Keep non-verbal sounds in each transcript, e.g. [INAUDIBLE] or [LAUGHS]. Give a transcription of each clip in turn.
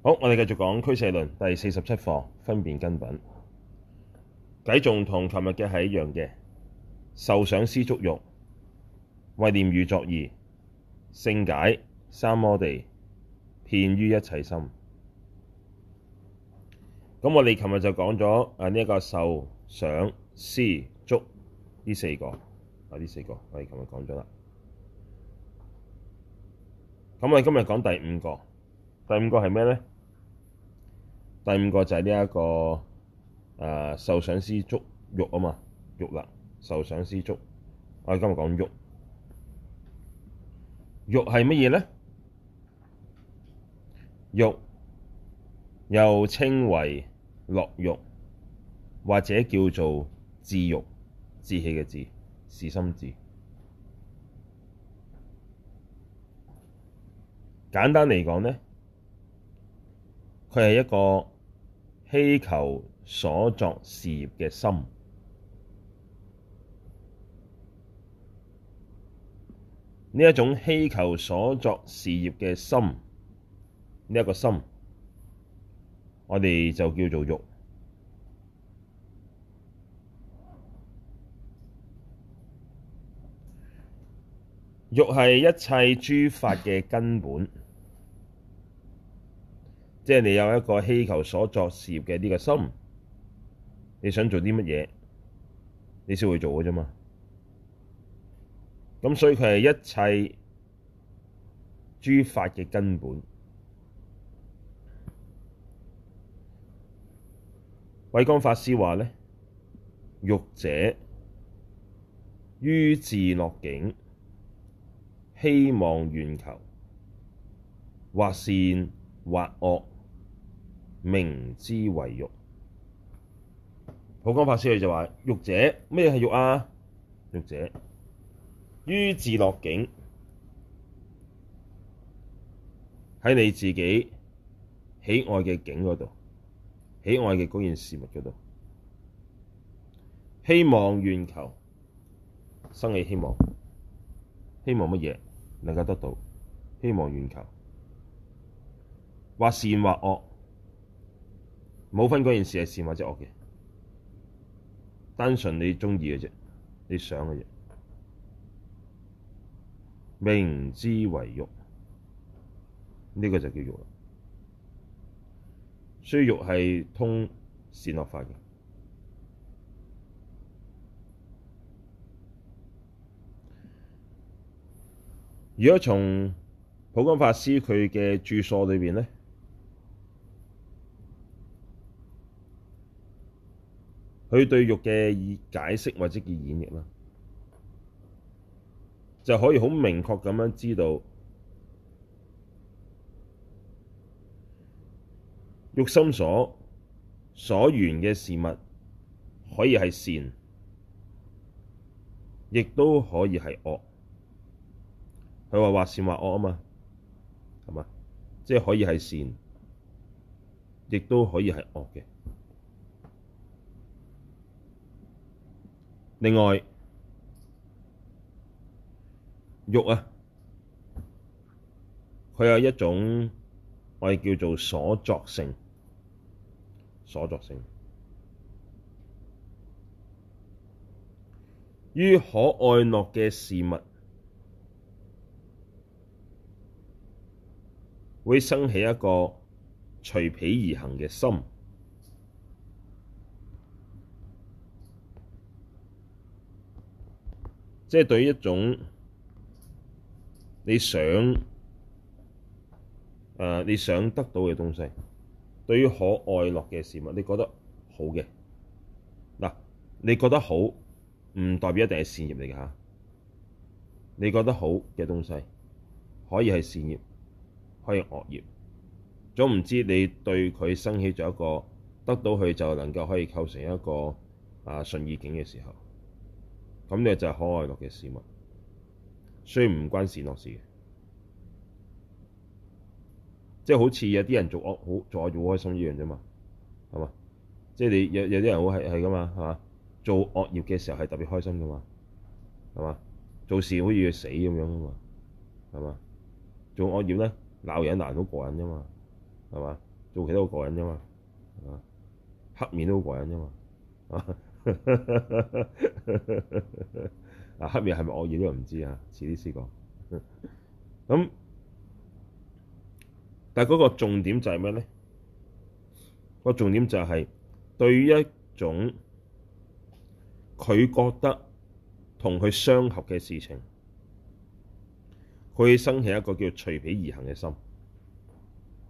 好，我哋繼續講俱舍論第四十七課，分辨根品。偈頌同琴日嘅係一樣嘅，受想思觸欲，慧念與作意，勝解三摩地，遍於一切心。咁我哋琴日就講咗啊，呢一個受想思觸呢四個啊，呢四個我哋琴日講咗啦。咁我哋今日講第五個，第五個係咩咧？第五個就係呢一個誒、呃、受想思觸、欲啊嘛，欲啦，受想思觸，我哋、啊、今日講欲。欲係乜嘢咧？欲又稱為樂欲，或者叫做志欲，志氣嘅志，士心志。簡單嚟講咧，佢係一個希求所作事業嘅心，呢一種希求所作事業嘅心，呢一個心，我哋就叫做欲。欲係一切諸法嘅根本。即係你有一個希求所作事業嘅呢個心，你想做啲乜嘢，你先會做嘅啫嘛。咁所以佢係一切諸法嘅根本。慧光法師話呢：欲者於自樂境，希望願求，或善或惡，名之為欲，普光法師佢就話：欲者咩係欲啊？欲者於自樂境喺你自己喜愛嘅境嗰度，喜愛嘅嗰件事物嗰度，希望願求生起希望，希望乜嘢能夠得到？希望願求，或善或惡。冇分嗰件事係善或者惡嘅，單純你中意嘅啫，你想嘅啫。名之為慾，呢個就叫慾啦。所以慾係通善惡法嘅。如果從普光法師佢嘅著述裏邊呢。佢對欲嘅意，解釋，或者叫演繹啦，就可以好明確咁樣知道，欲心所所緣嘅事物可以係善，亦都可以係惡。佢話話善話惡啊嘛，係嘛？即係可以係善，亦都可以係惡嘅。另外，欲啊，佢有一種我哋叫做所作性，所作性於可愛樂嘅事物，會生起一個隨彼而行嘅心。即係對於一種你想誒、呃、你想得到嘅東西，對於可愛樂嘅事物，你覺得好嘅。嗱，你覺得好唔代表一定係善業嚟嘅嚇。你覺得好嘅東西可以係善業，可以惡業，總唔知你對佢生起咗一個，得到佢就能夠可以構成一個，啊，順意境嘅時候。咁你就係可愛樂嘅事物，雖然唔關善惡事嘅，即係好似有啲人做惡好做惡業好開心依樣啫嘛，係嘛？即係你有有啲人好係係噶嘛，係嘛？做惡業嘅時候係特別開心噶嘛，係嘛？做事好似要死咁樣噶嘛，係嘛？做惡業咧鬧人難到過癮啫嘛，係嘛？做其他人好過癮啫嘛，係嘛？黑面都好過癮啫嘛，啊！嗱， [LAUGHS] 黑面係咪惡意都唔知啊？遲啲先講。咁、嗯，但係嗰個重點就係咩咧？個重點就係、是、對於一種佢覺得同佢相合嘅事情，佢生起一個叫隨彼而行嘅心，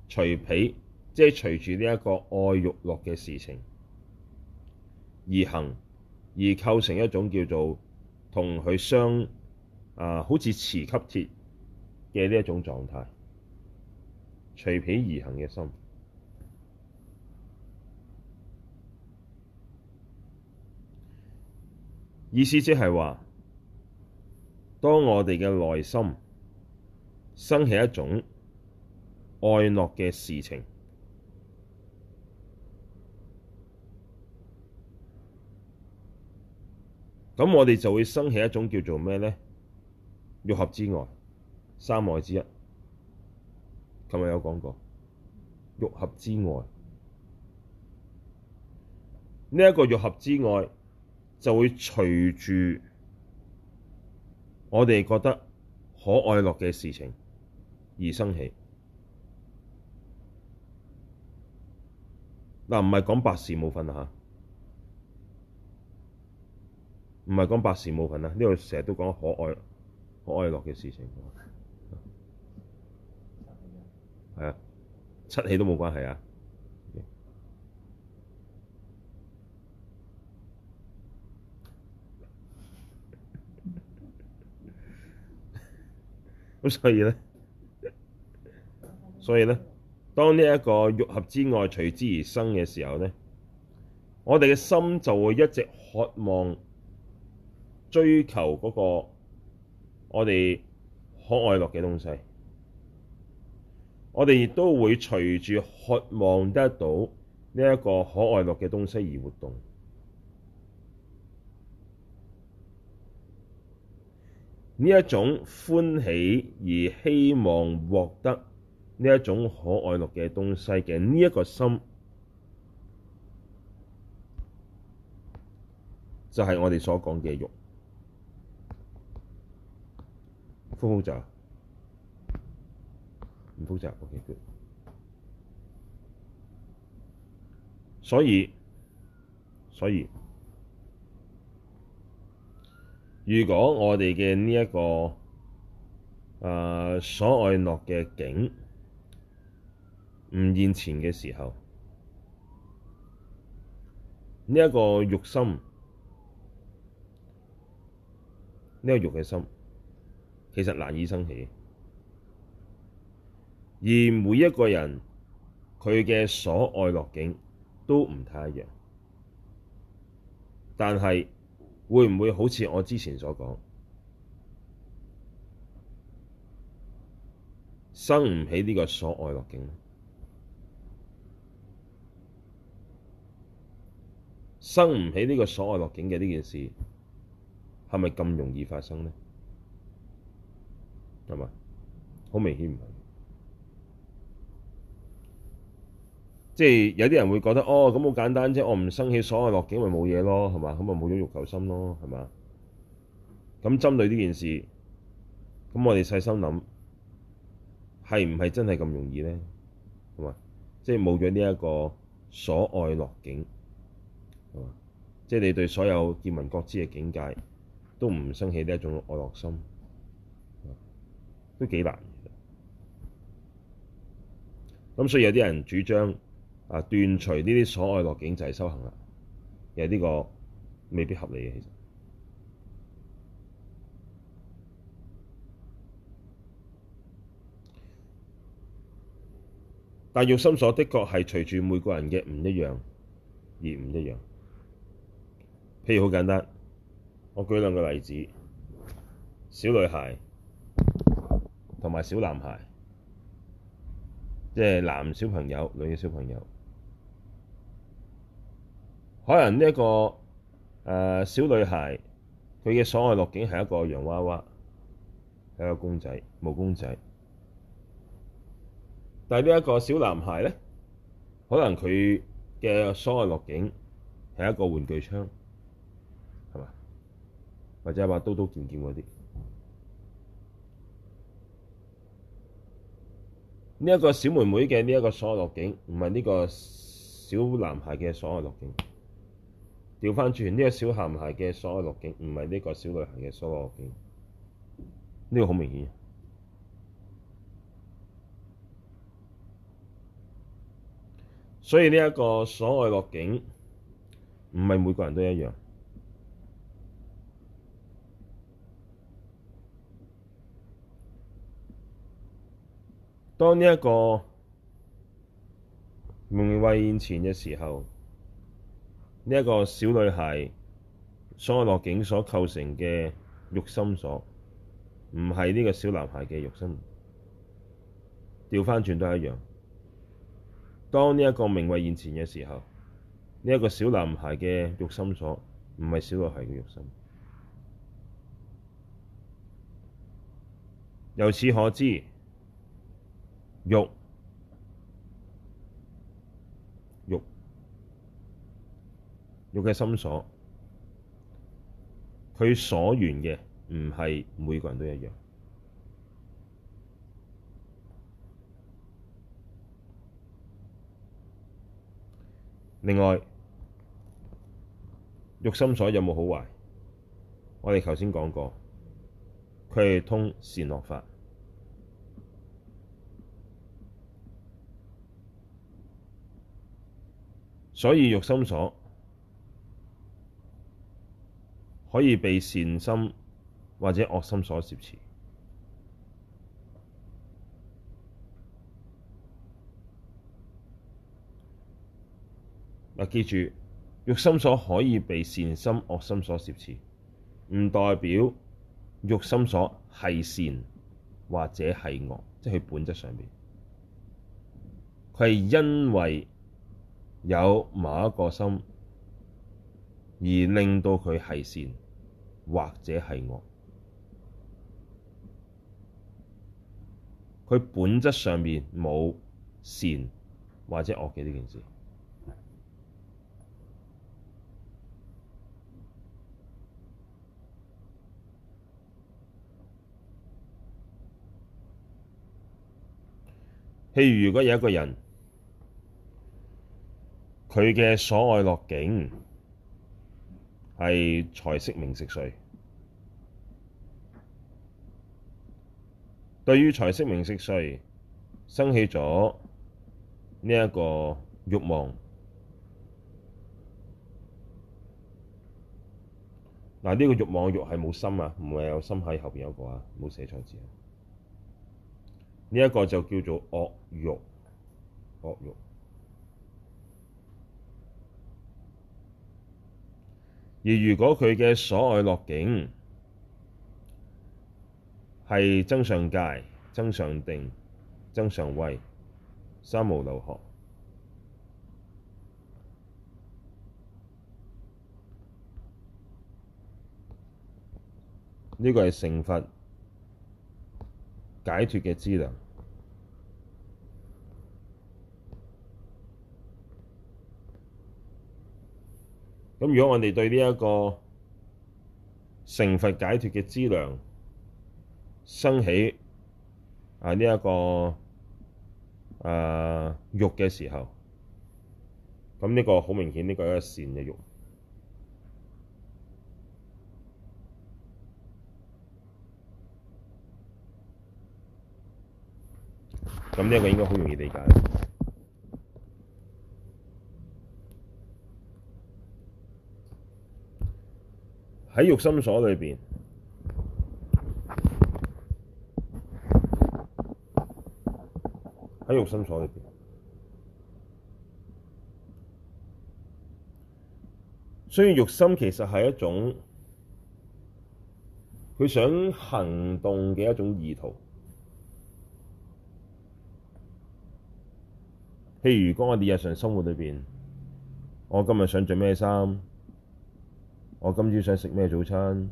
隨彼即係隨住呢一個愛欲樂嘅事情。而行而構成一種叫做同佢相、呃、好似磁吸鐵嘅呢一種狀態，隨彼而行嘅心。意思即係話，當我哋嘅內心生起一種愛樂嘅事情，咁我哋就會生起一種叫做咩咧？欲合之愛，三愛之一。琴日有講過，欲合之愛，呢、這、一個欲合之愛就會隨住我哋覺得可愛樂嘅事情而生起。嗱、呃，唔係講百事冇份啊！嚇～唔係講百事無份啊！呢度成日都講可愛、可愛樂嘅事情，七 [LAUGHS] 啊，氣都冇關係啊。咁 [LAUGHS] [LAUGHS] 所以呢，所以呢，當呢一個欲合之愛隨之而生嘅時候呢，我哋嘅心就會一直渴望。追求嗰個我哋可愛樂嘅東西，我哋亦都會隨住渴望得到呢一個可愛樂嘅東西而活動。呢一種歡喜而希望獲得呢一種可愛樂嘅東西嘅呢一個心，就係我哋所講嘅欲。唔復雜，唔複雜，OK，所以，所以，如果我哋嘅呢一個誒、呃、所愛樂嘅境，唔現前嘅時候，呢、這、一個欲心，呢、這個欲嘅心。其實難以生起，而每一個人佢嘅所愛樂境都唔太一樣，但係會唔會好似我之前所講，生唔起呢個所愛樂境？生唔起呢個所愛樂境嘅呢件事，係咪咁容易發生呢？係嘛？好明顯唔係，即係有啲人會覺得哦，咁好簡單啫，我唔生起所愛樂境咪冇嘢咯，係嘛？咁咪冇咗欲求心咯，係嘛？咁針對呢件事，咁我哋細心諗，係唔係真係咁容易咧？係嘛？即係冇咗呢一個所愛樂境，係嘛？即係你對所有見聞覺知嘅境界，都唔生起呢一種愛樂心。都幾難嘅，咁所以有啲人主張啊斷除呢啲所樂境就係修行啦，有啲呢個未必合理嘅。其實，但欲心所的確係隨住每個人嘅唔一樣而唔一樣。譬如好簡單，我舉兩個例子：小女孩。同埋小男孩，即係男小朋友、女小朋友，可能呢、這、一個誒、呃、小女孩，佢嘅所愛樂境係一個洋娃娃，係一個公仔、毛公仔。但係呢一個小男孩咧，可能佢嘅所愛樂境係一個玩具槍，係嘛？或者係話刀刀劍劍嗰啲。呢一個小妹妹嘅呢一個所愛樂境，唔係呢個小男孩嘅所愛樂境。調返轉，呢、這個小男孩嘅所愛樂境，唔係呢個小女孩嘅所愛樂境。呢、這個好明顯。所以呢一個所愛樂境，唔係每個人都一樣。當呢一個名位現前嘅時候，呢、這、一個小女孩所樂境所構成嘅欲心所，唔係呢個小男孩嘅欲心。調翻轉都係一樣。當呢一個名位現前嘅時候，呢、這、一個小男孩嘅欲心所，唔係小女孩嘅欲心。由此可知。欲欲欲嘅心所，佢所緣嘅唔係每個人都一樣。另外，欲心所有冇好壞？我哋頭先講過，佢係通善惡法。所以欲心所可以被善心或者惡心所挾持。咪記住，欲心所可以被善心、惡心所挾持，唔代表欲心所係善或者係惡，即係佢本質上面，佢係因為。有某一個心，而令到佢係善或者係惡，佢本質上面冇善或者惡嘅呢件事。譬如如果有一個人。佢嘅所愛樂境係財色名食睡，對於財色名食睡生起咗呢、啊這個、一個欲望。嗱，呢個欲望欲係冇心啊，唔係有心喺後邊有一個啊，唔好寫錯字啊。呢一個就叫做惡欲，惡欲。而如果佢嘅所愛落境，係增上界、增上定、增上慧、三無漏學，呢、這個係成佛解脱嘅資糧。咁如果我哋對呢一個成佛解脫嘅資糧升起啊呢一個啊欲嘅時候，咁呢個好明顯，呢個係善嘅欲。咁呢個應該好容易理解。喺欲心所裏邊，喺欲心所裏邊，所以欲心其實係一種佢想行動嘅一種意圖。譬如講，我哋日常生活裏邊，我今日想着咩衫？我今朝想食咩早餐？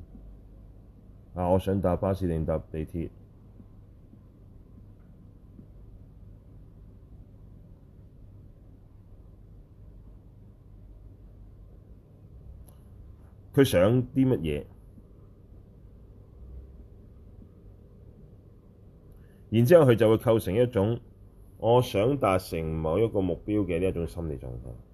啊，我想搭巴士定搭地鐵？佢想啲乜嘢？然之後佢就會構成一種我想達成某一個目標嘅呢一種心理狀態。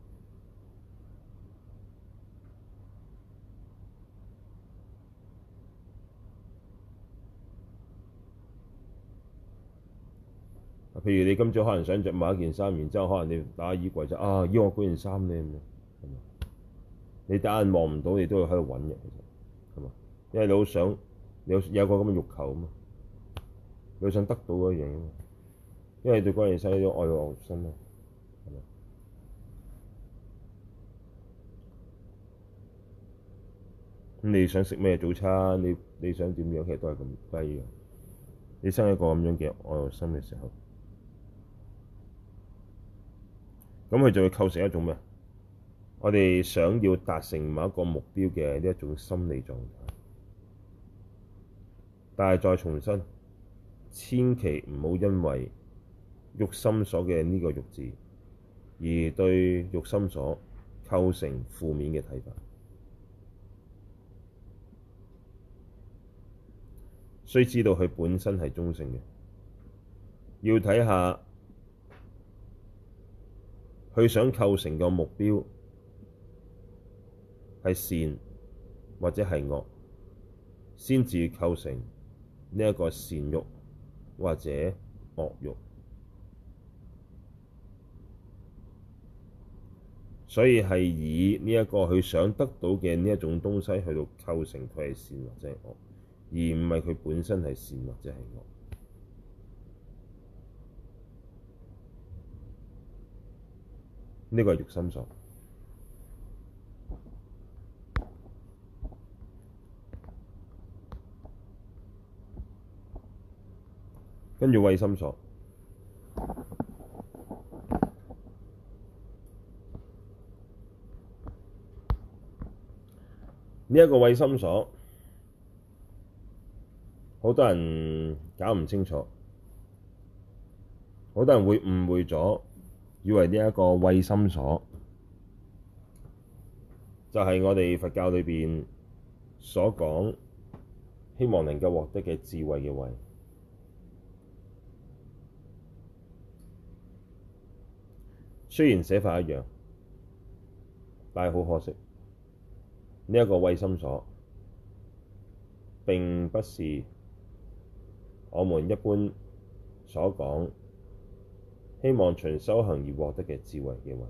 譬如你今早可能想着買一件衫，然之後可能你打下衣櫃就，啊，要我嗰件衫，你咁樣，你打眼望唔到，你都要喺度揾嘅，其實係嘛？因為你好想你有，有個咁嘅欲求啊嘛，你想得到嗰樣嘢啊嘛，因為對嗰樣嘢有愛慾心啊嘛。咁你想食咩早餐？你，你想點樣？其實都係咁低嘅。你生一個咁樣嘅愛慾心嘅時候，咁佢就會構成一種咩？我哋想要達成某一個目標嘅呢一種心理狀態。但係再重申，千祈唔好因為欲心所嘅呢個欲字，而對欲心所構成負面嘅睇法。須知道佢本身係中性嘅，要睇下，佢想構成嘅目標係善或者係惡，先至構成呢一個善欲或者惡欲。所以係以呢一個佢想得到嘅呢一種東西去到構成佢係善或者惡，而唔係佢本身係善或者係惡。呢個係欲心所，跟住慧心所。呢一個慧心所，好多人搞唔清楚，好多人會誤會咗。以為呢一個慧心所，就係、是、我哋佛教裏邊所講，希望能夠獲得嘅智慧嘅慧。雖然寫法一樣，但係好可惜，呢、這、一個慧心所並不是我們一般所講。希望從修行而獲得嘅智慧嘅話，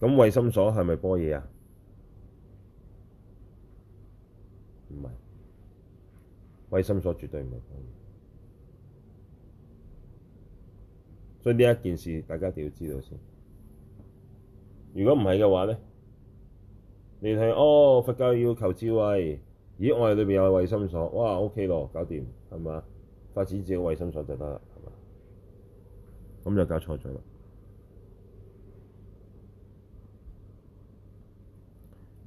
咁慧、嗯、心所係咪波嘢啊？唔係，慧心所絕對唔係波嘢，所以呢一件事大家一定要知道先。如果唔係嘅話咧，你睇哦，佛教要求智慧，咦，我哋裏邊有慧心所，哇，OK 咯，搞掂，係嘛？發展自己慧心所就得啦，係嘛？咁就搞錯咗啦。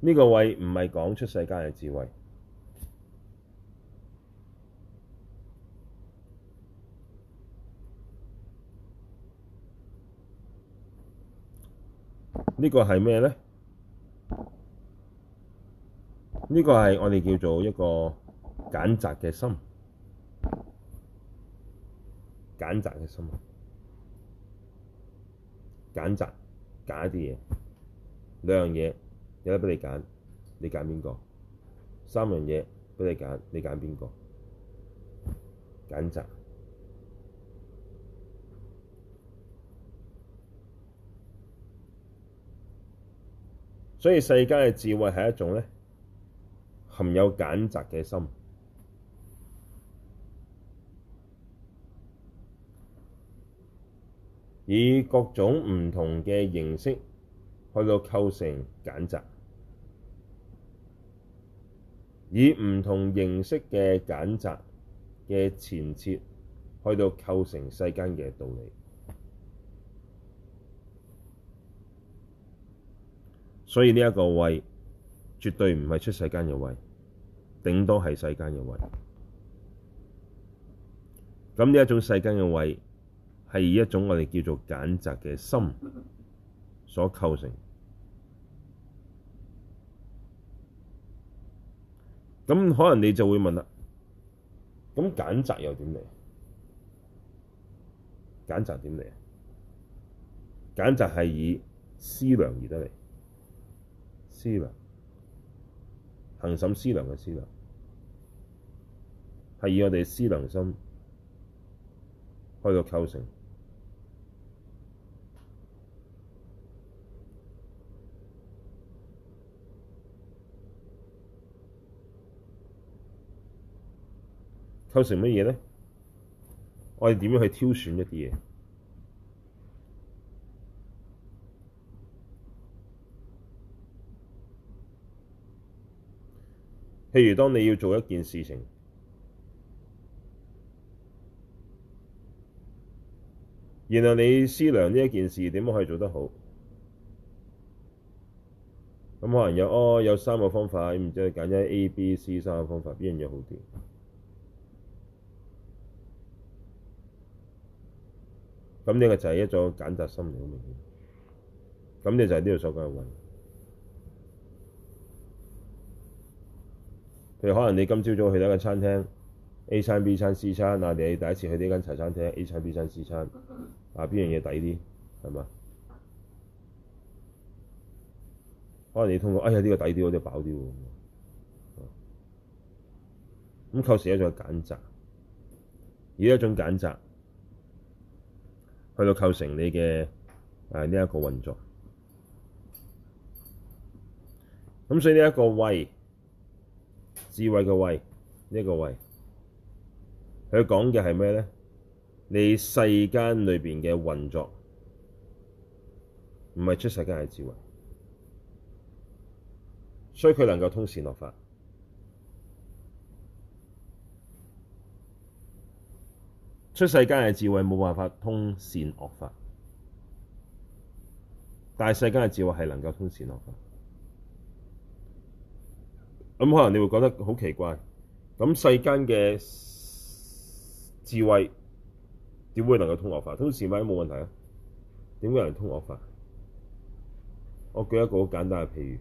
呢個慧唔係講出世間嘅智慧。呢個係咩咧？呢個係我哋叫做一個揀擇嘅心，心，揀擇嘅心，揀擇揀一啲嘢。兩樣嘢有得畀你揀，你揀邊個？三樣嘢畀你揀，你揀邊個？揀擇。所以世間嘅智慧係一種咧，含有揀擇嘅心，以各種唔同嘅形式去到構成揀擇，以唔同形式嘅揀擇嘅前設去到構成世間嘅道理。所以呢一個慧絕對唔係出世間嘅慧，頂多係世間嘅慧。咁呢一種世間嘅慧係以一種我哋叫做揀擇嘅心所構成。咁可能你就會問啦，咁揀擇又點嚟？揀擇點嚟啊？揀擇係以思量而得嚟。思量，行審思量嘅思量，係以我哋嘅思量心去到構成，構成乜嘢咧？我哋點樣去挑選一啲嘢？譬如當你要做一件事情，然後你思量呢一件事點樣可以做得好，咁可能有哦有三個方法，唔知之後揀一 A、B、C 三個方法，邊樣又好啲？咁呢個就係一種揀擇心理，好明顯。咁你就係呢度所講嘅慧。譬如可能你今朝早去到間餐廳 A 餐 B 餐 C 餐啊，你第一次去呢間茶餐廳 A 餐 B 餐 C 餐啊，邊 [COUGHS] 樣嘢抵啲，係嘛？可能你通過，哎呀呢、呢個抵啲，或者係飽啲喎。咁、嗯、構成一種揀擇，以一種揀擇去到構成你嘅誒呢一個運作。咁、嗯、所以呢一個慧。智慧嘅慧、這個、呢一個慧，佢講嘅係咩咧？你世間裏邊嘅運作，唔係出世間嘅智慧，所以佢能夠通善惡法。出世間嘅智慧冇辦法通善惡法，但係世間嘅智慧係能夠通善惡法。咁、嗯、可能你會覺得好奇怪，咁、嗯、世間嘅智慧點會能夠通惡法？通智咪都冇問題啊，點解唔通惡法？我舉一個好簡單嘅譬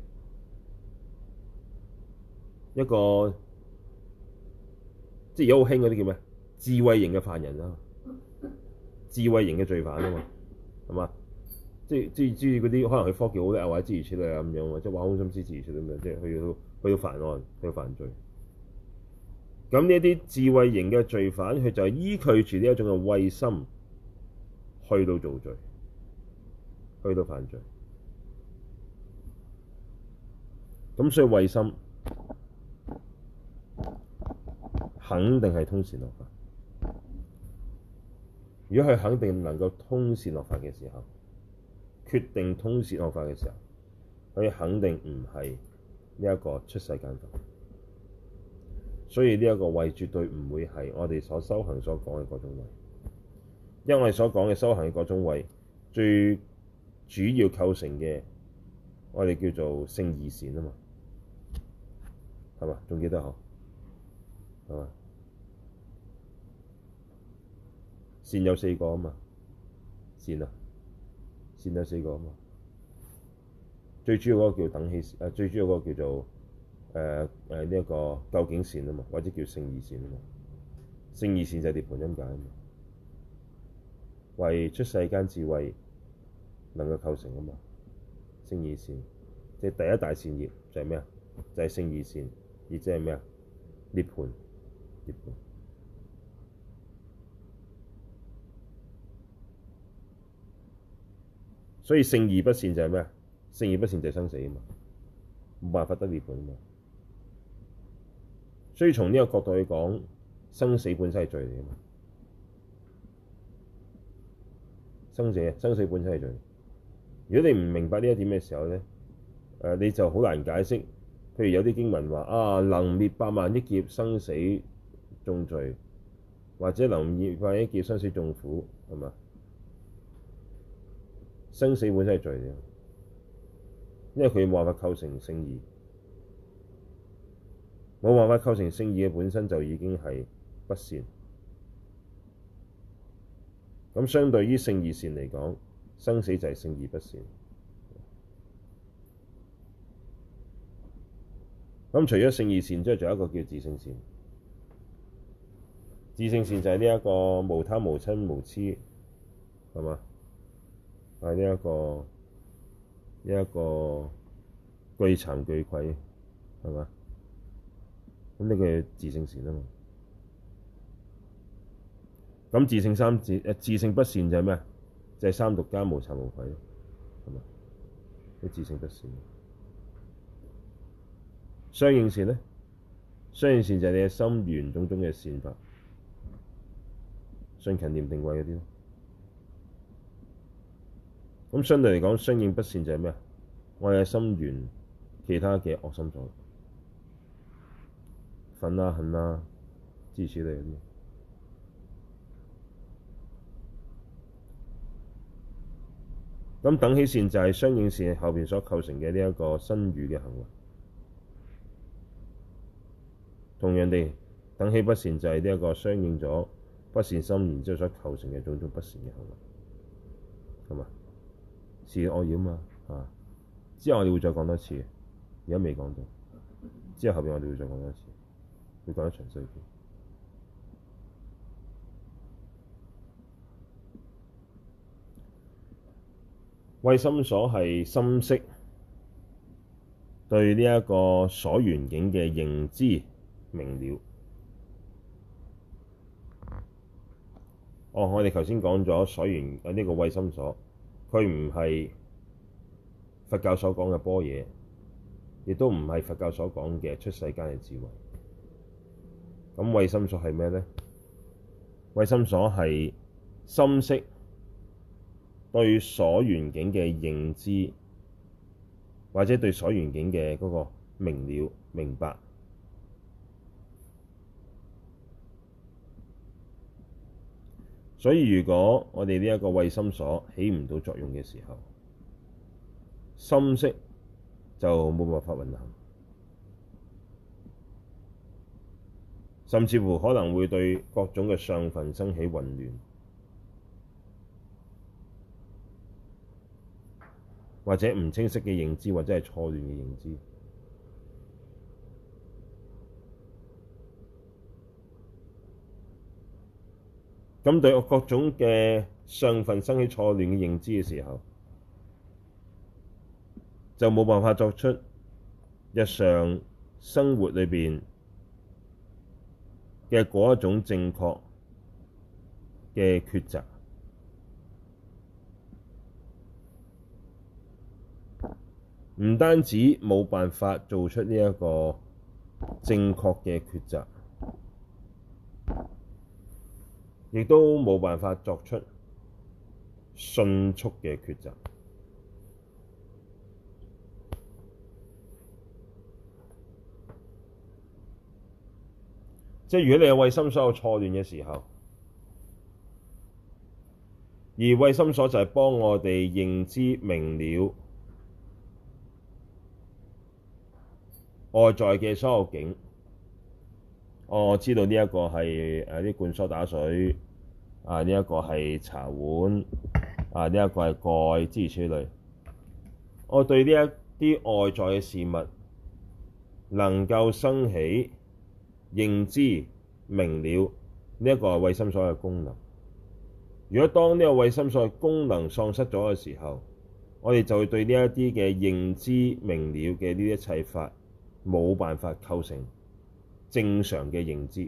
如，一個即係而家好興嗰啲叫咩？智慧型嘅犯人啊，智慧型嘅罪犯啊嘛，係嘛？即即即嗰啲可能佢科技好叻，或者支持出嚟啊咁樣啊，即玩心支持出嚟咁樣，即佢都。佢要犯案，佢要犯罪。咁呢啲智慧型嘅罪犯，佢就係依據住呢一種嘅慧心去到做罪，去到犯罪。咁所以慧心肯定係通善惡法。如果佢肯定能夠通善惡法嘅時候，決定通善惡法嘅時候，佢肯定唔係。呢一個出世間道，所以呢一個位絕對唔會係我哋所修行所講嘅各種位，因為我哋所講嘅修行嘅各種位，最主要構成嘅，我哋叫做勝義善啊嘛，係嘛？仲記得呵？係嘛？善有四個啊嘛，善啊，善有四個啊嘛。最主要嗰個叫等起善，最主要嗰個叫做誒誒呢一個究竟善啊嘛，或者叫勝義善啊嘛。勝義善就係涅槃，點解啊？為出世間智慧能夠構成啊嘛。勝義善即係第一大善業，就係咩啊？就係勝義善，亦即係咩啊？涅槃，涅槃。所以勝義不善就係咩啊？善而不善就生死啊嘛，冇辦法得涅槃啊嘛。所以從呢個角度去講，生死本身係罪嚟啊嘛。生死生死本身係罪。如果你唔明白呢一點嘅時候咧，誒你就好難解釋。譬如有啲經文話啊，能滅百萬億劫生死重罪，或者能滅百萬億劫生死重苦，係嘛？生死本身係罪嚟！因為佢冇辦法構成聖義，冇辦法構成聖義嘅本身就已經係不善。咁相對於聖義善嚟講，生死就係聖義不善。咁除咗聖義善之外，仲有一個叫自性善。自性善就係呢一個無貪、無嗔無、無痴，係嘛？係呢一個。一個具慚具愧，係嘛？咁呢個係自性善啊嘛。咁自性三自，誒，自性不善就係咩？就係、是、三毒加無慚無愧，係嘛？啲自性不善。相應善咧，相應善就係你嘅心緣種種嘅善法，信勤念定慧嗰啲咯。咁相對嚟講，相應不善就係咩啊？壞心源，其他嘅惡心種憤啦、恨啦、自私哋嗰啲。咁等起善就係相應善後邊所構成嘅呢一個身語嘅行為。同樣地，等起不善就係呢一個相應咗不善心然之後所構成嘅種種不善嘅行為，係嘛？是我染嘛？啊！之後我哋會再講多次，而家未講到。之後後面我哋會再講多一次，會講得詳細啲。慧心所係心識，對呢一個所緣境嘅認知、明了。哦，我哋頭先講咗所緣啊，呢、這個慧心所。佢唔係佛教所講嘅般若，亦都唔係佛教所講嘅出世間嘅智慧。咁慧心所係咩咧？慧心所係心識對所緣境嘅認知，或者對所緣境嘅嗰個明了明白。所以如果我哋呢一個慧心所起唔到作用嘅時候，心識就冇辦法運行，甚至乎可能會對各種嘅相分生起混亂，或者唔清晰嘅認知，或者係錯亂嘅認知。咁對我各種嘅相分生起錯亂嘅認知嘅時候，就冇辦法作出日常生活裏邊嘅嗰一種正確嘅抉擇。唔單止冇辦法做出呢一個正確嘅抉擇。亦都冇辦法作出迅速嘅抉擇。即係如果你有慧心所錯亂嘅時候，而慧心所就係幫我哋認知明了外在嘅所有境。哦、我知道呢一個係誒啲罐蘇打水啊，呢、這、一個係茶碗啊，呢、這、一個係蓋。諸如此類，我對呢一啲外在嘅事物能夠生起認知明了，呢、這、一個係慧心所嘅功能。如果當呢個慧心所嘅功能喪失咗嘅時候，我哋就會對呢一啲嘅認知明了嘅呢一切法冇辦法構成。正常嘅認知，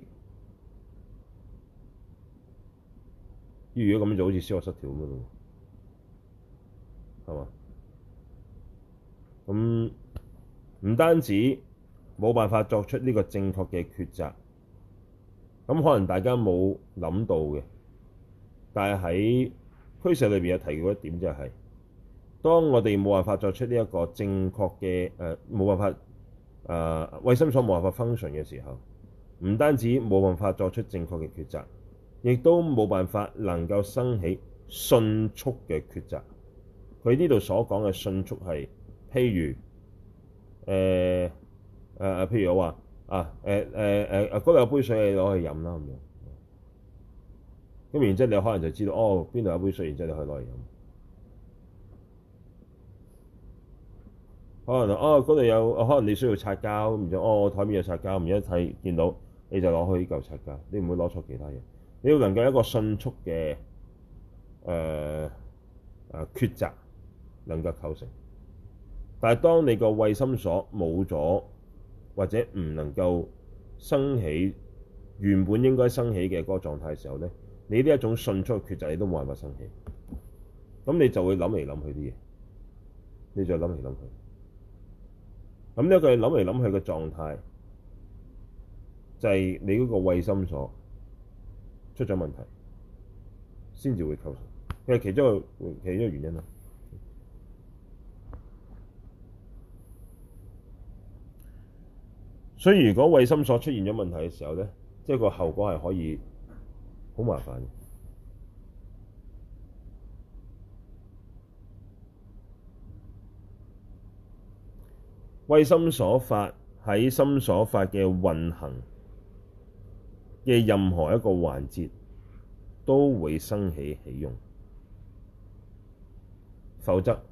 如果咁樣就好似思覺失調咁樣係嘛？咁唔單止冇辦法作出呢個正確嘅抉擇，咁可能大家冇諗到嘅，但係喺俱舍裏邊有提到一點就係、是，當我哋冇辦法作出呢一個正確嘅誒，冇、呃、辦法。誒，慧心、uh, 所冇辦法 function 嘅時候，唔單止冇辦法作出正確嘅抉擇，亦都冇辦法能夠生起迅速嘅抉擇。佢呢度所講嘅迅速係，譬如誒誒誒，譬如我話啊誒誒誒誒，嗰、呃、度、呃呃、有杯水，你攞去飲啦咁樣。咁然之後，你可能就知道，哦，邊度有杯水，然之後你可以攞去飲。可能啊，度、哦、有可能你需要擦膠，唔準哦。我台面有擦膠，唔一睇見到你就攞去呢嚿擦膠，你唔會攞錯其他嘢。你要能夠一個迅速嘅誒誒抉擇能夠構成，但係當你個慧心所冇咗或者唔能夠升起原本應該升起嘅嗰個狀態嘅時候咧，你呢一種迅速嘅抉擇你都冇辦法升起，咁你就會諗嚟諗去啲嘢，你就諗嚟諗去，想去。咁呢一個諗嚟諗去嘅狀態，就係你嗰個慧心所出咗問題，先至會構成，係其中一個其中一個原因啦。所以如果慧心所出現咗問題嘅時候咧，即係個後果係可以好麻煩嘅。慧心所法，喺心所法嘅運行嘅任何一個環節，都會生起起用，否則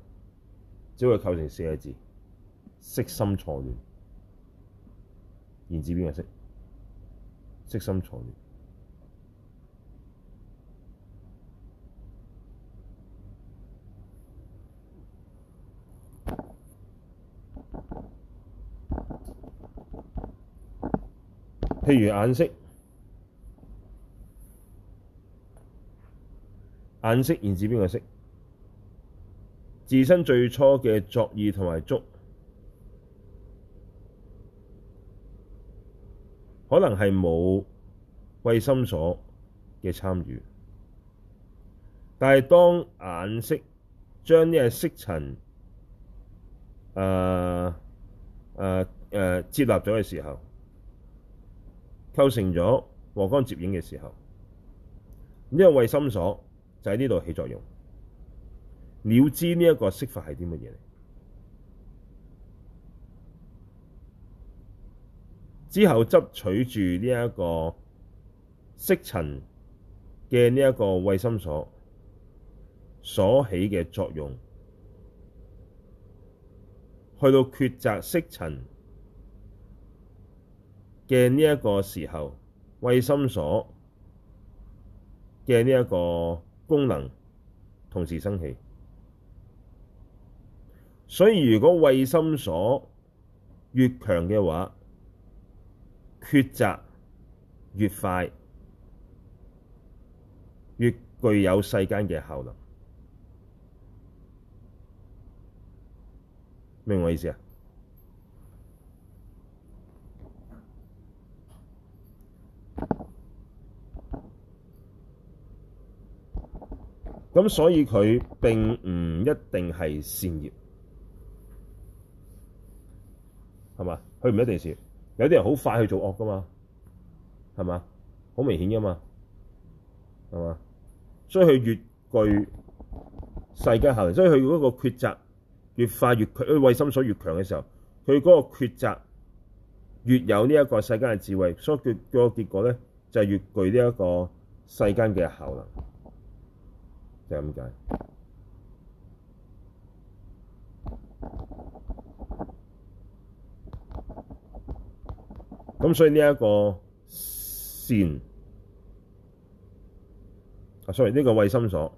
只會構成四個字：識心錯亂。言字邊嗰個識，識心錯亂。譬如眼識，眼識源自邊個色？自身最初嘅作意同埋觸，可能係冇慧心所嘅參與。但係當眼識將呢個色塵，誒誒誒接納咗嘅時候，構成咗和光接影嘅時候，呢、呢個慧心所就喺呢度起作用。了知呢一個色法係啲乜嘢？之後執取住呢一個色塵嘅呢一個慧心所所起嘅作用，去到抉擇色塵。嘅呢一個時候，慧心所嘅呢一個功能同時生起，所以如果慧心所越強嘅話，抉擇越快，越具有世間嘅效能。明唔明我意思啊？咁所以佢並唔一定係善業，係嘛？佢唔一定善，有啲人好快去做惡噶嘛，係嘛？好明顯噶嘛，係嘛？所以佢越具世間效能，所以佢嗰個抉擇越快越強，佢慧心所越強嘅時候，佢嗰個抉擇越有呢一個世間嘅智慧，所以佢嗰個結果咧就係越具呢一個世間嘅效能。咁所以呢一個線啊，sorry 呢個慧心所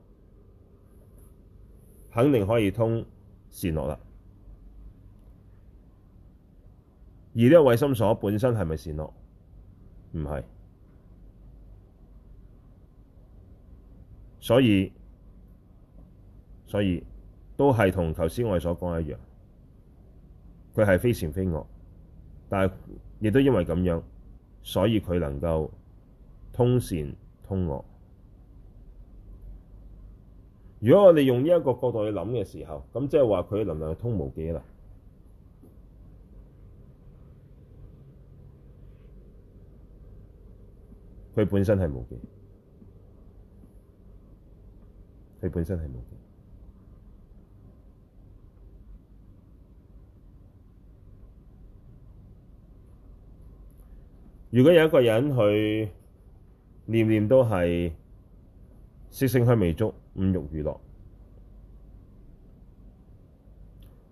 肯定可以通善惡啦。而呢個慧心所本身係咪善惡？唔係，所以。所以都係同頭先我哋所講一樣，佢係非善非惡，但係亦都因為咁樣，所以佢能夠通善通惡。如果我哋用呢一個角度去諗嘅時候，咁即係話佢能量通無記啦，佢本身係無記，佢本身係無記。如果有一個人佢念念都係色聲香味觸、五欲娛樂，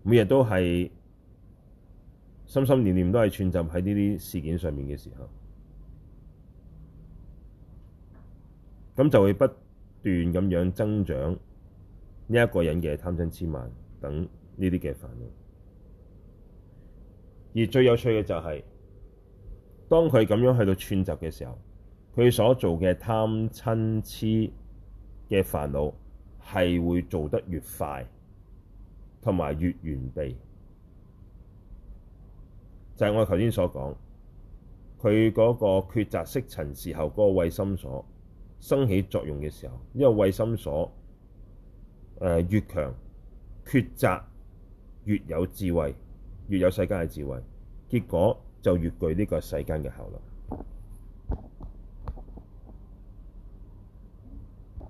每日都係心心念念都係串習喺呢啲事件上面嘅時候，咁就會不斷咁樣增長呢一個人嘅貪嗔痴慢等呢啲嘅煩惱。而最有趣嘅就係、是。當佢咁樣去到串習嘅時候，佢所做嘅貪嗔痴嘅煩惱係會做得越快，同埋越完備。就係、是、我頭先所講，佢嗰個抉擇色塵時候嗰、那個慧心所生起作用嘅時候，呢為慧心所誒、呃、越強，抉擇越有智慧，越有世界嘅智慧，結果。就越具呢個世間嘅效能。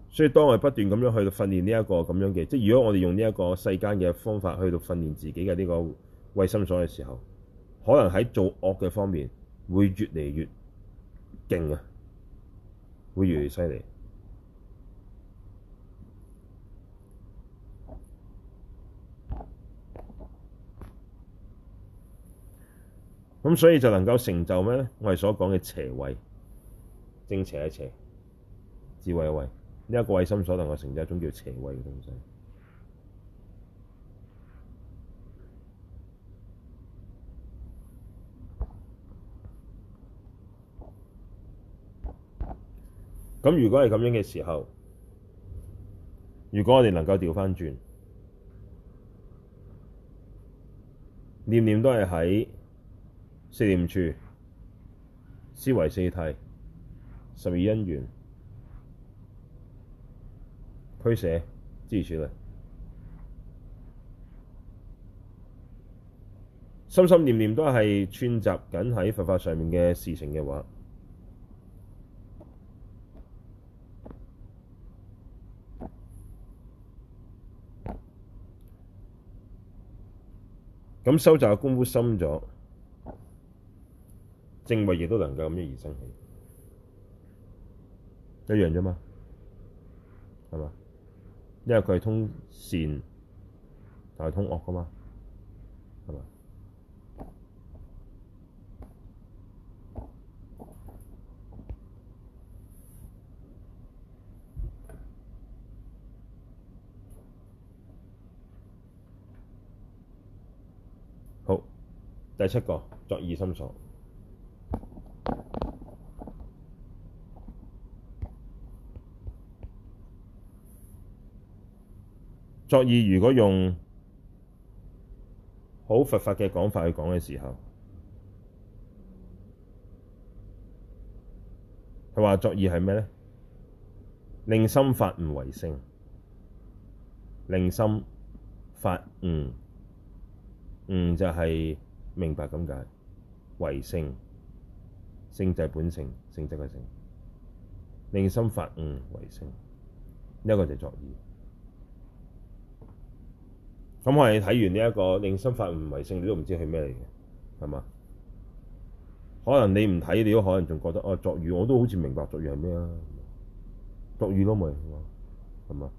所以當我哋不斷咁樣去訓練呢一個咁樣嘅，即係如果我哋用呢一個世間嘅方法去到訓練自己嘅呢個慧心所嘅時候，可能喺做惡嘅方面會越嚟越勁啊，會越嚟越犀利。咁所以就能夠成就咩咧？我哋所講嘅邪慧，正邪一邪，智慧一慧。呢、這、一個慧心所能嘅成就，一種叫邪慧嘅東西。咁如果係咁樣嘅時候，如果我哋能夠調翻轉，念念都係喺。四念處、思維四諦、十二因緣、驅邪、支持嘅，心心念念都係串習緊喺佛法上面嘅事情嘅話，咁修習嘅功夫深咗。正物亦都能夠咁樣而生起，一樣啫嘛，係嘛？因為佢係通善，就係通惡噶嘛，係嘛？好，第七個作意心所。作意如果用好佛法嘅講法去講嘅時候，佢話作意係咩呢？令心發悟為性，令心發悟，悟就係明白咁解，為性，性就係本性，性就係性，令心發悟為性，一個就係作意。咁我哋睇完呢一個令心發悟為性，你都唔知係咩嚟嘅，係嘛？可能你唔睇，你都可能仲覺得哦、啊、作意，我都好似明白作意係咩啊。作意都咪係嘛？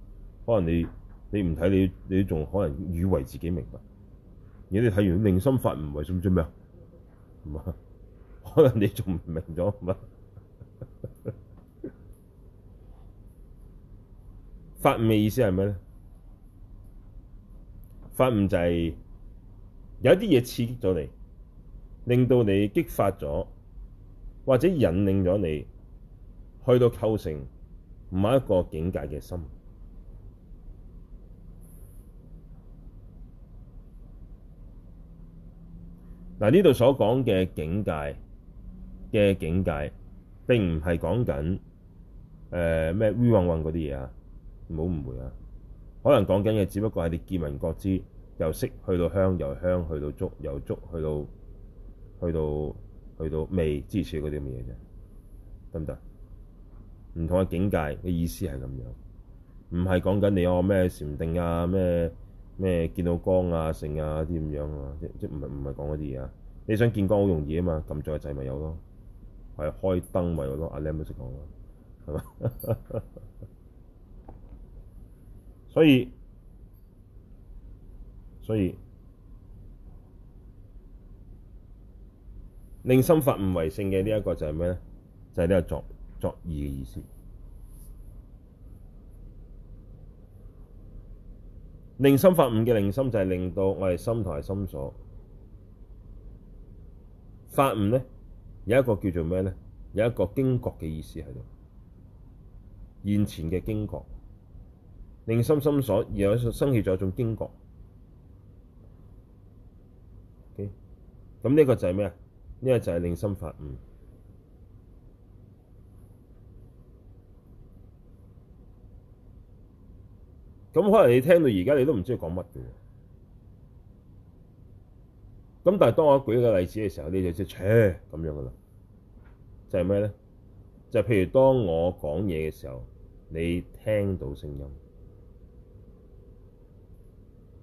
可能你你唔睇，你你仲可能以為自己明白，而你睇完令心發悟為性，做咩啊？係嘛？可能你仲唔明咗係咪？發悟意思係咩咧？發悟就係有啲嘢刺激咗你，令到你激發咗，或者引領咗你去到構成某一個境界嘅心。嗱、啊，呢度所講嘅境界嘅境界並唔係講緊誒咩烏雲雲嗰啲嘢啊，唔、呃、好誤會啊！可能講緊嘅只不過係你見聞覺知，由色去到香，由香去到足，由足去到去到去到未知處嗰啲咁嘅嘢啫，得唔得？唔同嘅境界嘅意思係咁樣，唔係講緊你有咩禪定啊咩咩見到光啊性啊啲咁樣啊，即即唔係唔係講嗰啲嘢啊！你想見光好容易啊嘛，撳咗掣咪有咯，係開燈咪有咯，阿梁都識講啦，係嘛？ [LAUGHS] 所以，所以令心發悟為性嘅呢一個就係咩咧？就係、是、呢個作作意嘅意思。令心發悟嘅令心就係令到我哋心同係心所。發悟咧有一個叫做咩咧？有一個警覺嘅意思喺度，現前嘅警覺。令心心所而有生起咗一種驚覺，咁、okay? 呢個就係咩啊？呢、這個就係令心發悟。咁可能你聽到而家你都唔知佢講乜嘅。咁但係當我舉個例子嘅時候，你就即切咁樣噶啦，就係咩咧？就係、譬如當我講嘢嘅時候，你聽到聲音。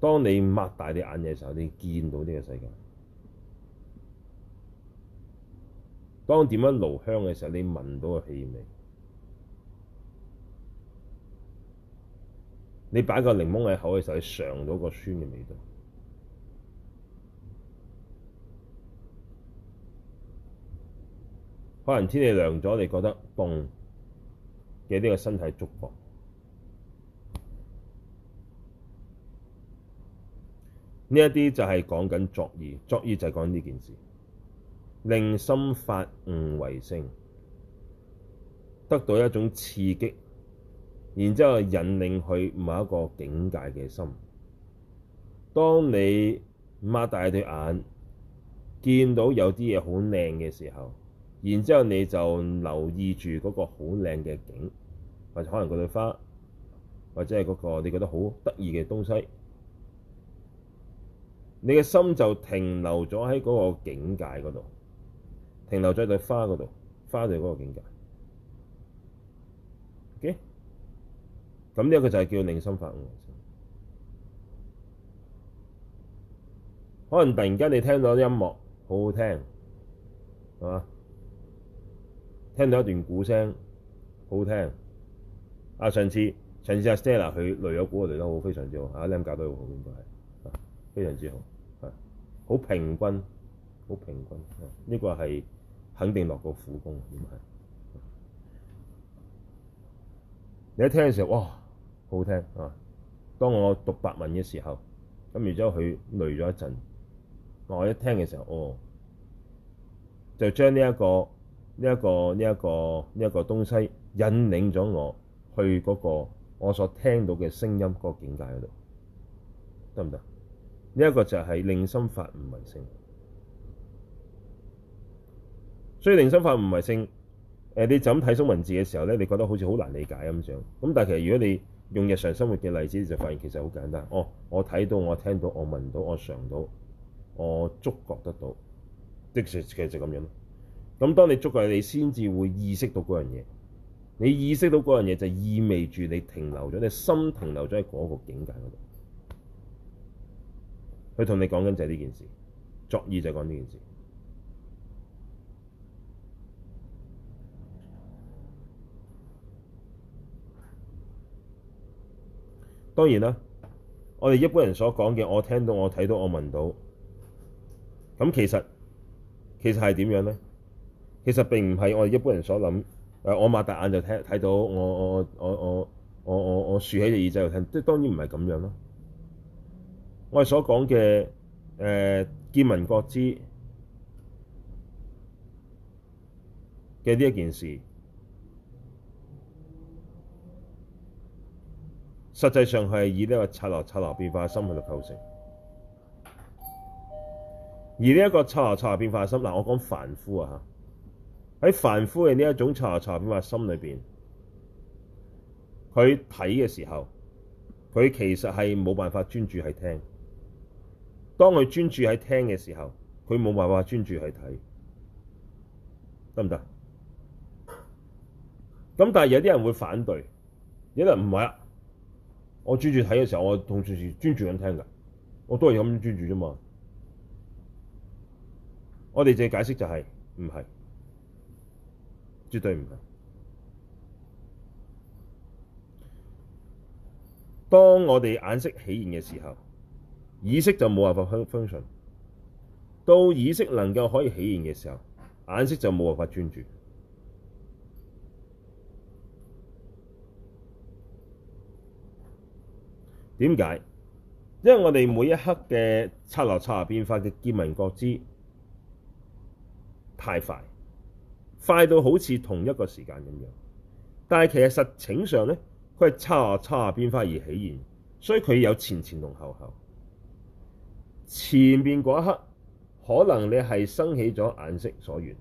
當你擘大你眼嘅時候，你見到呢個世界；當點一爐香嘅時候，你聞到個氣味；你擺個檸檬喺口嘅時候，你嘗到個酸嘅味道。可能天氣涼咗，你覺得凍嘅呢個身體觸覺。呢一啲就係講緊作意，作意就係講呢件事，令心發悟為性，得到一種刺激，然之後引領去某一個境界嘅心。當你擘大對眼，見到有啲嘢好靚嘅時候，然之後你就留意住嗰個好靚嘅景，或者可能嗰朵花，或者係嗰個你覺得好得意嘅東西。你嘅心就停留咗喺嗰個境界嗰度，停留咗喺對花嗰度，花就係嗰個境界。OK，咁呢一個就係叫令心法。可能突然間你聽到音樂好好聽，係嘛？聽到一段鼓聲好聽。阿上次、上次阿 Stella 佢擂咗鼓我哋都好非常之好嚇，音架都好應該係，非常之好。啊好平均，好平均，呢個係肯定落過苦功，點係？你一聽嘅時候，哇，好聽啊！當我讀白文嘅時候，咁然之後佢累咗一陣，我一聽嘅時候，哦，就將呢一個、呢一個、呢一個、呢一個東西引領咗我去嗰個我所聽到嘅聲音嗰個境界嗰度，得唔得？呢一個就係「令心發悟為性」。所以「令心發悟為性」，誒，你就咁睇中文字嘅時候咧，你覺得好似好難理解咁樣。咁但係其實如果你用日常生活嘅例子，你就發現其實好簡單。哦，我睇到，我聽到，我到，我聞到，我嘗到，我觸覺得到，的確其實就咁樣。咁當你觸覺，你先至會意識到嗰樣嘢。你意識到嗰樣嘢，就意味住你停留咗，你心停留咗喺嗰個境界嗰度。佢同你講緊就係呢件事，作意就係講呢件事。當然啦，我哋一般人所講嘅，我聽到、我睇到、我聞到，咁其實其實係點樣咧？其實並唔係我哋一般人所諗，誒，我擘大眼就睇睇到，我我我我我我我豎起隻耳仔嚟聽，即係當然唔係咁樣咯。我哋所講嘅、呃、建見聞覺知嘅呢一件事，實際上係以呢一個剎那剎那變化嘅心去嚟構成。而呢一個剎那剎那變化嘅心，我講凡夫啊，喺凡夫嘅呢一種剎那剎那變化嘅心裏面，佢睇嘅時候，佢其實係冇辦法專注係聽。當佢專注喺聽嘅時候，佢冇辦法專注喺睇，得唔得？咁但係有啲人會反對，有啲人唔係啊！我專注睇嘅時候，我同時是專注緊聽嘅，我都係咁專注啫嘛。我哋淨係解釋就係唔係，絕對唔係。當我哋眼色起現嘅時候。意識就冇辦法 function，到意識能夠可以起現嘅時候，眼識就冇辦法專注。點解？因為我哋每一刻嘅剎那剎那變化嘅見聞覺知太快，快到好似同一個時間咁樣。但係其實實情上呢，佢係剎那剎那變化而起現，所以佢有前前同後後。前面嗰一刻，可能你係升起咗眼識所緣，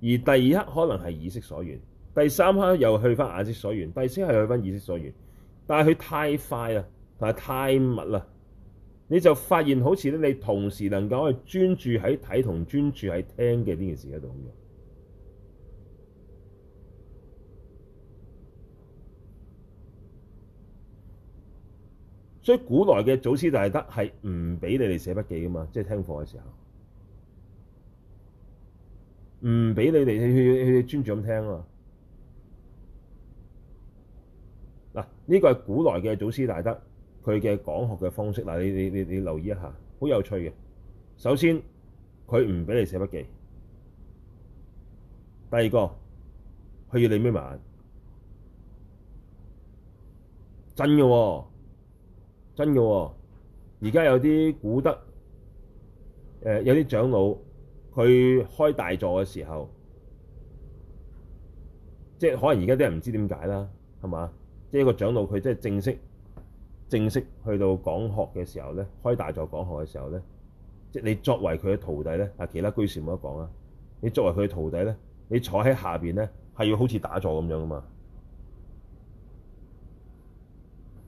而第二刻可能係意識所緣，第三刻又去翻眼識所緣，第四刻又去翻意識所緣，但係佢太快啦，但係太密啦，你就發現好似咧，你同時能夠去專注喺睇同專注喺聽嘅呢件事喺度咁樣。所以古來嘅祖師大德係唔俾你哋寫筆記㗎嘛，即係聽課嘅時候，唔俾你哋去去專注咁聽啊！嗱，呢個係古來嘅祖師大德佢嘅講學嘅方式嗱，你你你你留意一下，好有趣嘅。首先佢唔俾你寫筆記，第二個佢要你咪埋真嘅喎！真嘅喎，而家有啲古德，誒有啲長老，佢開大座嘅時候，即係可能而家啲人唔知點解啦，係嘛？即一個長老佢即係正式、正式去到講學嘅時候咧，開大座講學嘅時候咧，即係你作為佢嘅徒弟咧，啊其他居士冇得講啦，你作為佢嘅徒弟咧，你坐喺下邊咧，係要好似打坐咁樣噶嘛。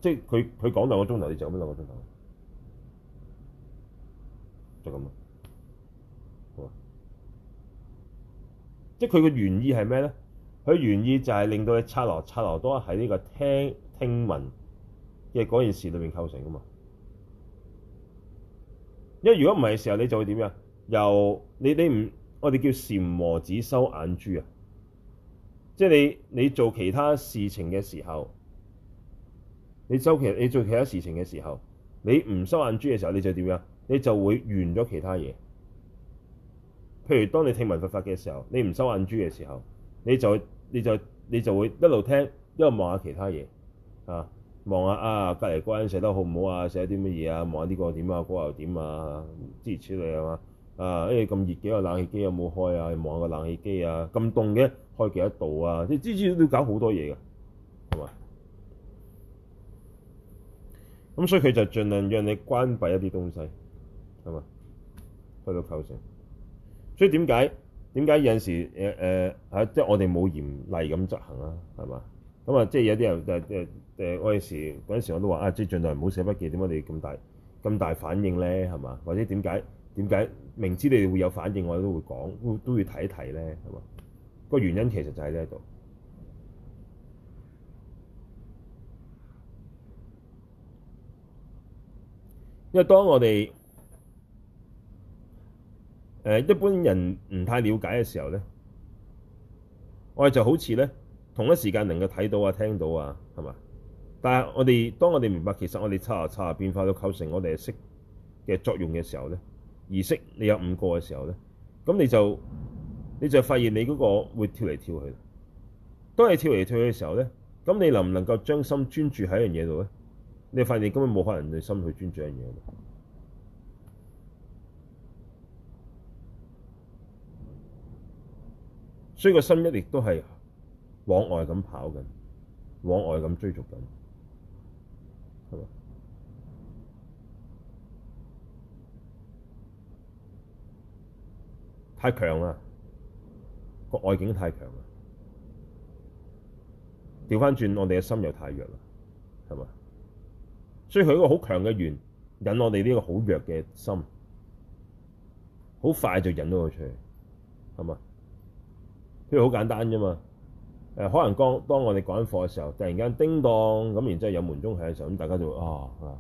即係佢，佢講兩個鐘頭，你就咁兩個鐘頭，就咁啦。好啊。即係佢嘅原意係咩咧？佢原意就係令到你刷羅刷羅多喺呢個聽聽聞嘅嗰件事裏面構成㗎嘛。因為如果唔係時候，你就會點樣？由你你唔，我哋叫禪和子收眼珠啊。即係你你做其他事情嘅時候。你周其實你做其他事情嘅時候，你唔收眼珠嘅時候，你就點樣？你就會完咗其他嘢。譬如當你聽聞佛法嘅時候，你唔收眼珠嘅時候，你就你就你就會一路聽一路望下其他嘢啊，望下啊隔離嗰人寫得好唔好啊，寫啲乜嘢啊，望下呢個點啊，嗰又點啊，諸如此類啊嘛？啊，哎咁熱嘅冷氣機有冇開啊？望下個冷氣機啊，咁凍嘅開幾多度啊？即係諸如此類搞好多嘢㗎，係嘛？咁、嗯、所以佢就盡量讓你關閉一啲東西，係嘛？去到構成，所以點解點解有陣時誒誒嚇，即係我哋冇嚴厲咁執行啊，係嘛？咁啊，即係有啲人就誒誒，我、呃、有、呃呃、時嗰陣時我都話啊，即係盡量唔好寫筆記，點解你咁大咁大反應咧？係嘛？或者點解點解明知你哋會有反應，我哋都會講，都都會睇一睇咧，係嘛？個原因其實就喺呢度。因為當我哋誒、呃、一般人唔太了解嘅時候咧，我哋就好似咧同一時間能夠睇到啊、聽到啊，係嘛？但係我哋當我哋明白其實我哋差啊差啊變化都構成我哋嘅識嘅作用嘅時候咧，意識你有五個嘅時候咧，咁你就你就發現你嗰個會跳嚟跳去，當你跳嚟跳去嘅時候咧，咁你能唔能夠將心專注喺一樣嘢度咧？你發現根本冇可能，你心去專注一樣嘢，所以個心一直都係往外咁跑緊，往外咁追逐緊，係嘛？太強啦，個外境太強啦，調翻轉，我哋嘅心又太弱啦，係嘛？所以佢一個好強嘅緣引我哋呢個好弱嘅心，好快就引到佢出去，係嘛？譬如好簡單啫嘛。誒，可能當當我哋講緊課嘅時候，突然間叮當咁，然之後，後有門鐘響嘅時候，咁大家就會啊，啊，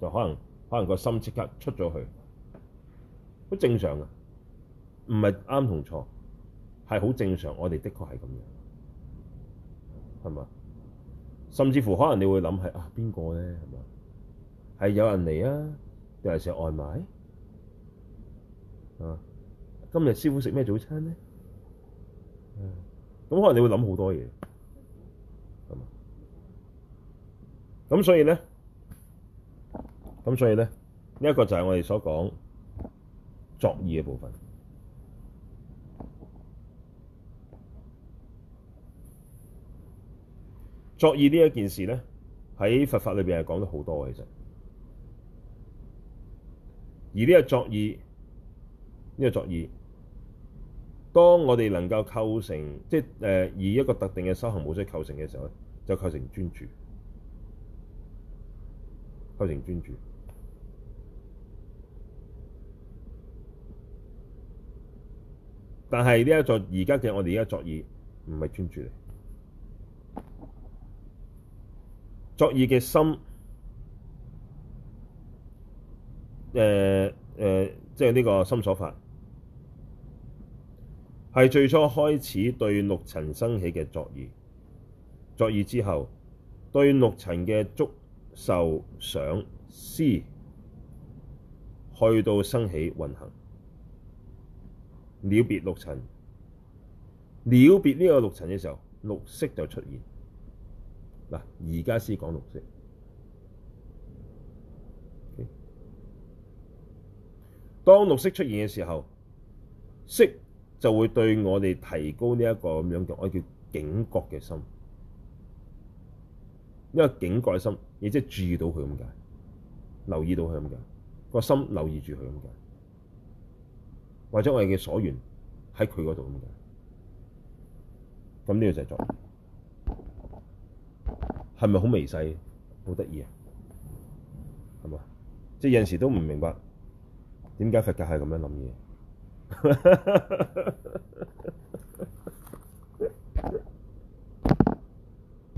就可能可能個心即刻出咗去，好正常嘅，唔係啱同錯，係好正常。我哋的確係咁樣，係嘛？甚至乎可能你會諗，係啊，邊個咧係嘛？係有人嚟啊，尤其食外賣啊。今日師傅食咩早餐咧？咁、啊、可能你會諗好多嘢。咁所以咧，咁所以咧，呢、這、一個就係我哋所講作意嘅部分。作意呢一件事咧，喺佛法裏邊係講得好多嘅，其實。而呢個作意，呢、這個作意，當我哋能夠構成，即係誒、呃、以一個特定嘅修行模式構成嘅時候咧，就構成專注，構成專注。但係呢一作而家嘅我哋而家作意，唔係專注嚟。作意嘅心，誒、呃、誒、呃，即係呢個心所法，係最初開始對六塵生起嘅作意。作意之後，對六塵嘅觸、受、想、思，去到生起運行，了別六塵，了別呢個六塵嘅時候，六識就出生。嗱，而家先講綠色。當綠色出現嘅時候，色就會對我哋提高呢一個咁樣嘅我叫警覺嘅心。因為警覺嘅心，亦即係注意到佢咁解，留意到佢咁解，個心留意住佢咁解，或者我哋嘅所緣喺佢嗰度咁解。咁呢個就係作。係咪好微細，好得意啊？係嘛，即係有陣時都唔明白，點解佛家係咁樣諗嘢？